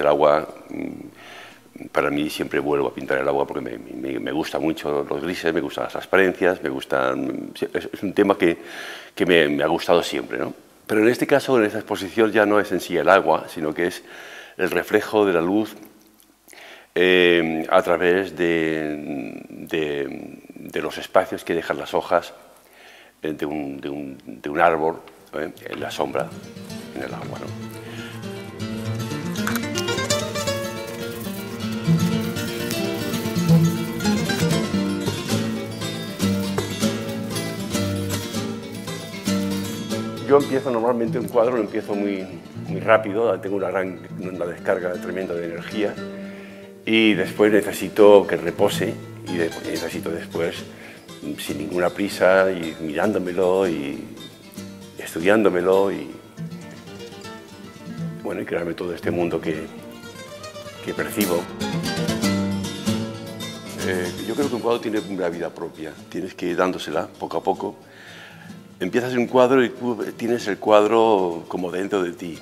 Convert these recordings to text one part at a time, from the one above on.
el agua, mm, para mí siempre vuelvo a pintar el agua porque me, me, gusta mucho los grises, me gustan las transparencias, me gustan, es, un tema que, me, ha gustado siempre. ¿no? Pero en este caso, en esta exposición, ya no es en sí el agua, sino que es el reflejo de la luz eh, a través de, los espacios que dejan las hojas eh, de un, árbol ¿eh? en la sombra, en el agua. ¿no? yo empiezo normalmente un cuadro, empiezo muy, rápido, tengo una, gran, una descarga tremenda de energía y después necesito que repose y necesito después, sin ninguna prisa, y mirándomelo y estudiándomelo y, bueno, crearme todo este mundo que, percibo. Eh, yo creo que un cuadro tiene una vida propia, tienes que ir dándosela poco a poco empiezas en un cuadro y tienes el cuadro como dentro de ti.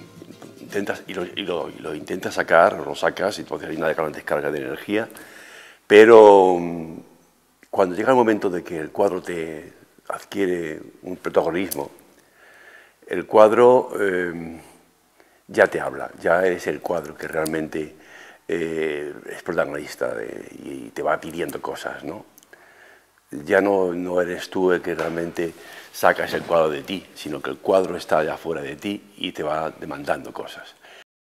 Intentas, y, lo, intentas sacar, lo sacas, y entonces hay una descarga de energía, pero mm, cuando llega el momento de que el cuadro te adquiere un protagonismo, el cuadro em, ya te habla, ya es el cuadro que realmente eh, es protagonista y te va pidiendo cosas, ¿no? ya no, eres tú el que realmente sacas el cuadro de ti, sino que el cuadro está allá fuera de ti y te va demandando cosas.